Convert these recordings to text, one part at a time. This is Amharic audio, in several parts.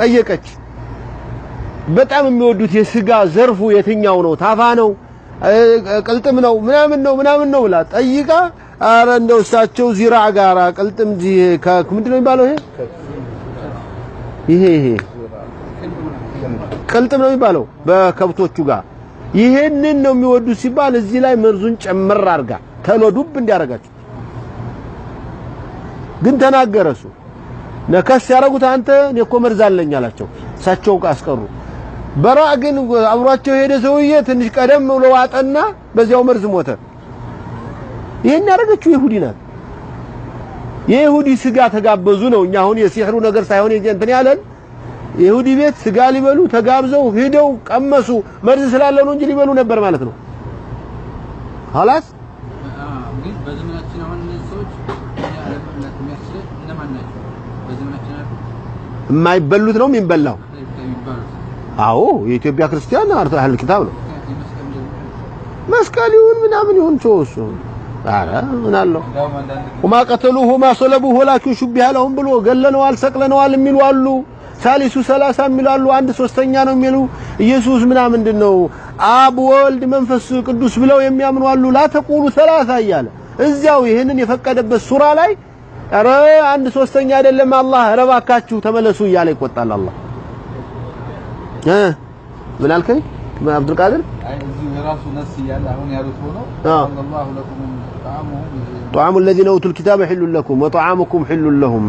ጠየቀች። በጣም የሚወዱት የስጋ ዘርፉ የትኛው ነው? ታፋ ነው? ቅልጥም ነው? ምናምን ነው ምናምን ነው ብላ ጠይቃ፣ አረ እንደው እሳቸው ዚራ ጋራ ቅልጥም እዚህ ምንድን ነው የሚባለው? ይሄ ይሄ ቅልጥም ነው የሚባለው በከብቶቹ ጋር ይሄንን ነው የሚወዱት ሲባል እዚህ ላይ መርዙን ጨምር አድርጋ ተሎዱብ ዱብ ግን ተናገረሱ። ነከስ ያደረጉት አንተ እኔ እኮ መርዝ አለኝ አላቸው። እሳቸው አስቀሩ። በራ ግን አብሯቸው የሄደ ሰውዬ ትንሽ ቀደም ብሎ ዋጠና በዚያው መርዝ ሞተ። ይሄን ያደረገችው ይሁዲ ናት። የይሁዲ ስጋ ተጋበዙ ነው። እኛ አሁን የሲህሩ ነገር ሳይሆን እንትን ያለን የይሁዲ ቤት ስጋ ሊበሉ ተጋብዘው ሂደው ቀመሱ። መርዝ ስላለ ነው እንጂ ሊበሉ ነበር ማለት ነው። ሀላስ በዘመናችን አሁን ሰዎች የማይበሉት ነው የሚበላው። አዎ የኢትዮጵያ ክርስቲያን አርተ አህል ኪታብ ነው። መስቀል ይሁን ምናምን ይሁን ቾሱ አረ ምን አለው ወማ ቀተሉሁ ወማ ሰለቡሁ ወላኪን ሹቢሃ ለሁም ብሎ ገለነዋል፣ ሰቅለነዋል የሚሉ አሉ። ሳሊሱ ሰላሳ የሚሉ አሉ። አንድ ሶስተኛ ነው የሚሉ ኢየሱስ ምናምን ምንድን ነው አብ ወልድ መንፈስ ቅዱስ ብለው የሚያምኑ አሉ። ላተቁሉ ሰላሳ እያለ እዚያው ይህንን የፈቀደበት ሱራ ላይ ኧረ አንድ ሶስተኛ አይደለም አላህ ኧረ እባካችሁ ተመለሱ እያለ ይቆጣል። አላህ እ ምን አልከኝ አብዱል ቃድር? طعام الذين أوتوا الكتاب حل لكم وطعامكم حل لهم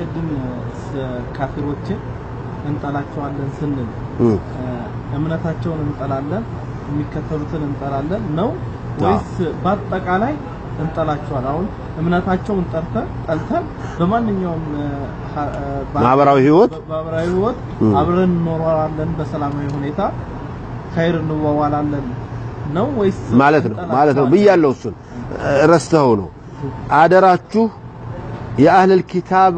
ቅድም ካፊሮችን እንጠላቸዋለን ስንል እምነታቸውን እንጠላለን የሚከተሉትን እንጠራለን ነው ወይስ በአጠቃላይ እንጠላቸዋል? አሁን እምነታቸው ጠርተን ጠልተን በማንኛውም ማህበራዊ ህይወት ማህበራዊ ህይወት አብረን እንኖራለን በሰላማዊ ሁኔታ ኸይር እንዋዋላለን ነው ወይስ ማለት ነው ማለት ነው ብያለሁ። እሱን ረስተው ነው አደራችሁ የአህለል ኪታብ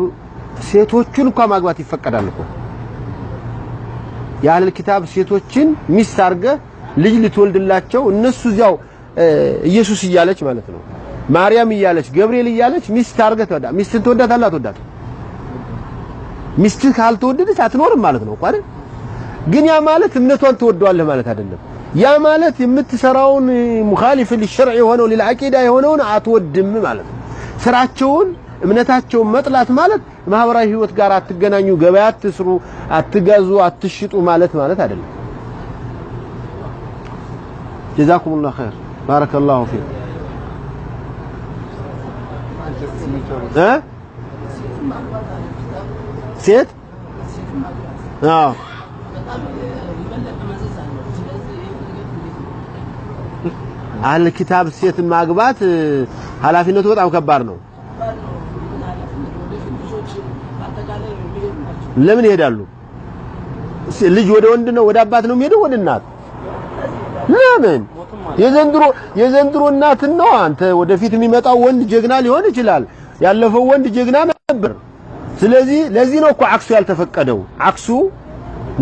ሴቶቹን እንኳን ማግባት ይፈቀዳል እኮ የአህለል ኪታብ ሴቶችን ሚስት አድርገህ ልጅ ልትወልድላቸው እነሱ እዚያው ኢየሱስ እያለች ማለት ነው ማርያም እያለች ገብርኤል እያለች ሚስት አድርገህ ተወዳ ሚስትን ትወዳታለህ አትወዳትም? ሚስት ካልተወደደች አትኖርም ማለት ነው እኮ አይደል? ግን ያ ማለት እምነቷን ትወደዋለህ ማለት አይደለም። ያ ማለት የምትሰራውን ሙኻሊፍ ሊሸርዕ የሆነው ሊልዓቂዳ የሆነውን አትወድም ማለት ነው። ስራቸውን እምነታቸውን መጥላት ማለት ማህበራዊ ህይወት ጋር አትገናኙ፣ ገበያ አትስሩ፣ አትገዙ፣ አትሽጡ ማለት ማለት አይደለም። ጀዛኩሙላህ ኸይር ባረከላሁ ፊኩም እ ሴት አዎ አህል ኪታብ ሴት ማግባት ኃላፊነቱ በጣም ከባድ ነው። ለምን ይሄዳሉ? ልጅ ወደ ወንድ ነው ወደ አባት ነው የሚሄደው ወደ እናት ለምን የዘንድሮ የዘንድሮ እናት ነው። አንተ ወደፊት የሚመጣው ወንድ ጀግና ሊሆን ይችላል። ያለፈው ወንድ ጀግና ነበር። ስለዚህ ለዚህ ነው እኮ አክሱ ያልተፈቀደው። አክሱ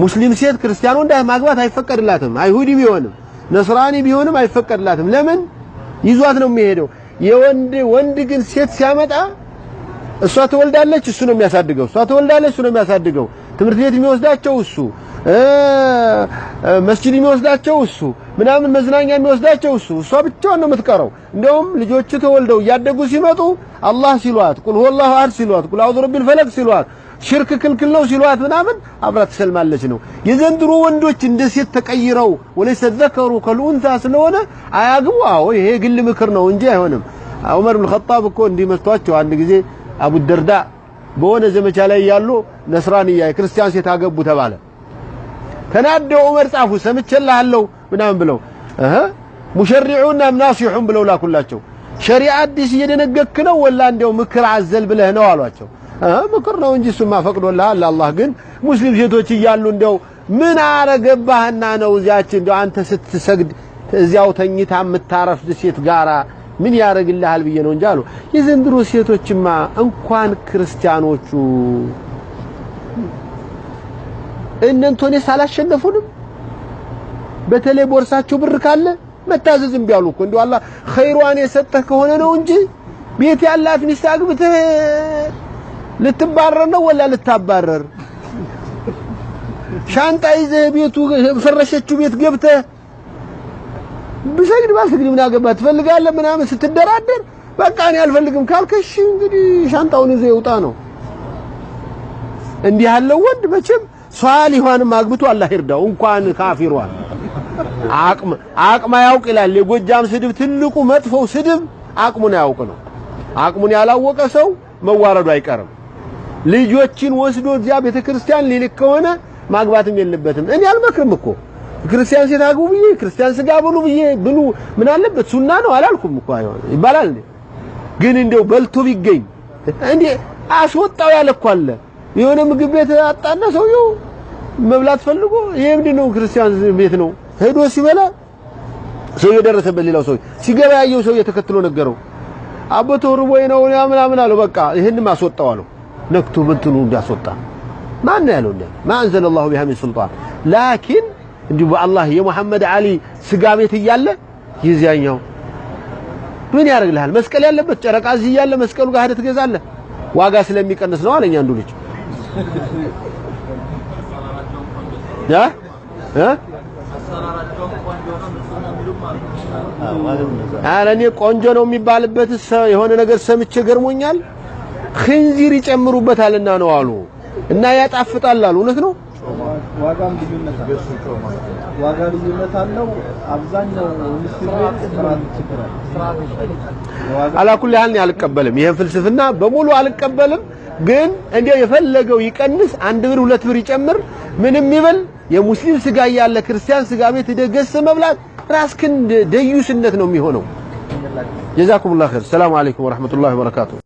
ሙስሊም ሴት ክርስቲያኑ እንዳይ ማግባት አይፈቀድላትም። አይሁዲ ቢሆንም ነስራኒ ቢሆንም አይፈቀድላትም። ለምን ይዟት ነው የሚሄደው። የወንድ ወንድ ግን ሴት ሲያመጣ እሷ ትወልዳለች፣ እሱ ነው የሚያሳድገው። እሷ ትወልዳለች፣ እሱ ነው የሚያሳድገው። ትምህርት ቤት የሚወስዳቸው እሱ፣ መስጂድ የሚወስዳቸው እሱ፣ ምናምን መዝናኛ የሚወስዳቸው እሱ። እሷ ብቻዋን ነው የምትቀረው። እንደውም ልጆቹ ተወልደው እያደጉ ሲመጡ አላህ ሲሏት፣ ቁል ሁወላሁ አሐድ ሲሏት፣ ቁል አዑዙ ቢረቢል ፈለቅ ሲሏት፣ ሽርክ ክልክል ነው ሲሏት ምናምን አብራ ትሰልማለች ነው። የዘንድሮ ወንዶች እንደ ሴት ተቀይረው ወለይሰ ዘከሩ ከልኡንታ ስለሆነ አያግቡ። አዎ ይሄ ግል ምክር ነው እንጂ አይሆንም። ዑመር ብን ኸጣብ እኮ እንዲህ መስቷቸው አንድ ጊዜ አቡ ደርዳ በሆነ ዘመቻ ላይ ያሉ ነስራንያ ክርስቲያን ሴት አገቡ ተባለ። ተናደው ዑመር ጻፉ ሰምቼልሃለሁ ምናምን ብለው እህ ሙሸሪዑና ናሲሑን ብለው ላኩላቸው። ሸሪዓ አዲስ እየደነገክ ነው ወላ እንደው ምክር አዘል ብለህ ነው አሏቸው። ምክር ነው እንጂ እሱማ ፈቅዶልሃል። አላህ ግን ሙስሊም ሴቶች እያሉ እንደው ምን አረገባህና ነው እዚያች እንደው አንተ ስትሰግድ እዚያው ተኝታ የምታረፍድ ሴት ጋራ ምን ያደርግልሃል ብዬ ነው እንጂ አሉ። የዘንድሮ ሴቶችማ እንኳን ክርስቲያኖቹ እነንቶኔስ አላሸነፉንም። በተለይ ቦርሳቸው ብር ካለ መታዘዝም ቢያሉ እኮ እንደው አላ ኸይሯን የሰጠህ ከሆነ ነው እንጂ ቤት ያላት ሚስት አግብተህ ልትባረር ነው ወላ ልታባረር ሻንጣ ይዘህ ቤቱ ፈረሸችው ቤት ገብተህ ብሰግድ ባሰግድ ምን አገባ ትፈልጋለህ ምናምን ስትደራደር በቃ እኔ አልፈልግም ካልከሽ እንግዲህ ሻንጣውን ይዞ ይውጣ ነው። እንዲህ ያለው ወንድ መቼም ሷሊኋንም አግብቶ አላህ ይርዳው እንኳን ካፊሯን አቅም አቅም አያውቅ ይላል። የጎጃም ስድብ ትልቁ መጥፎው ስድብ አቅሙን አያውቅ ነው። አቅሙን ያላወቀ ሰው መዋረዱ አይቀርም። ልጆችን ወስዶ እዚያ ቤተክርስቲያን ክርስቲያን ሊልክ ከሆነ ማግባትም የለበትም። እኔ አልመክርም እኮ ክርስቲያን ሴት አግቡ ብዬ ክርስቲያን ስጋ ብሉ ብዬ ብሉ ምን አለበት? ሱና ነው አላልኩም እኮ አይሆን ይባላል። ግን እንደው በልቶ ቢገኝ እንዴ አስወጣው ያለ እኮ አለ። የሆነ ምግብ ቤት አጣና ሰውየው መብላት ፈልጎ ይሄ ምንድን ነው ክርስቲያን ቤት ነው ሄዶ ሲበላ ሰውየው ደረሰበት። ሌላው ሰው ሲገበያየው ሰውዬ ተከትሎ ነገረው። አቦቶ ርቦይ ነው ምናምን አለው። በቃ ይሄንም አስወጣው አለው። ነክቶ ምንትኑ እንዳስወጣ ማን ያለው እንዴ ማንዘለላሁ ቢሃ ሚን ሱልጣን ላኪን እንዲሁ በአላህ የሙሐመድ አሊ ስጋ ቤት እያለ ይዚያኛው ምን ያደርግልሃል? መስቀል ያለበት ጨረቃ እዚህ እያለ መስቀሉ ጋር ሄደህ ትገዛለህ? ዋጋ ስለሚቀንስ ነው አለኝ አንዱ ልጅ። ኧረ እኔ ቆንጆ ነው የሚባልበት የሆነ ነገር ሰምቼ ገርሞኛል። ኽንዚር ይጨምሩበታልና ነው አሉ እና ያጣፍጣል አሉ። እውነት ነው። ዋጋም ልዩነት አለው። ዋጋ ልዩነት አለው። አብዛኛው ሚኒስትር ቤት ስራት ችግር አለ። አላኩል ያህል አልቀበልም። ይሄን ፍልስፍና በሙሉ አልቀበልም። ግን እንዲያው የፈለገው ይቀንስ፣ አንድ ብር ሁለት ብር ይጨምር፣ ምንም ይበል፣ የሙስሊም ስጋ እያለ ክርስቲያን ስጋ ቤት ደገስ መብላት ራስክን ደዩስነት ነው የሚሆነው። ጀዛኩሙላህ ኸይር። ሰላም አለይኩም ወራህመቱላሂ ወበረካቱ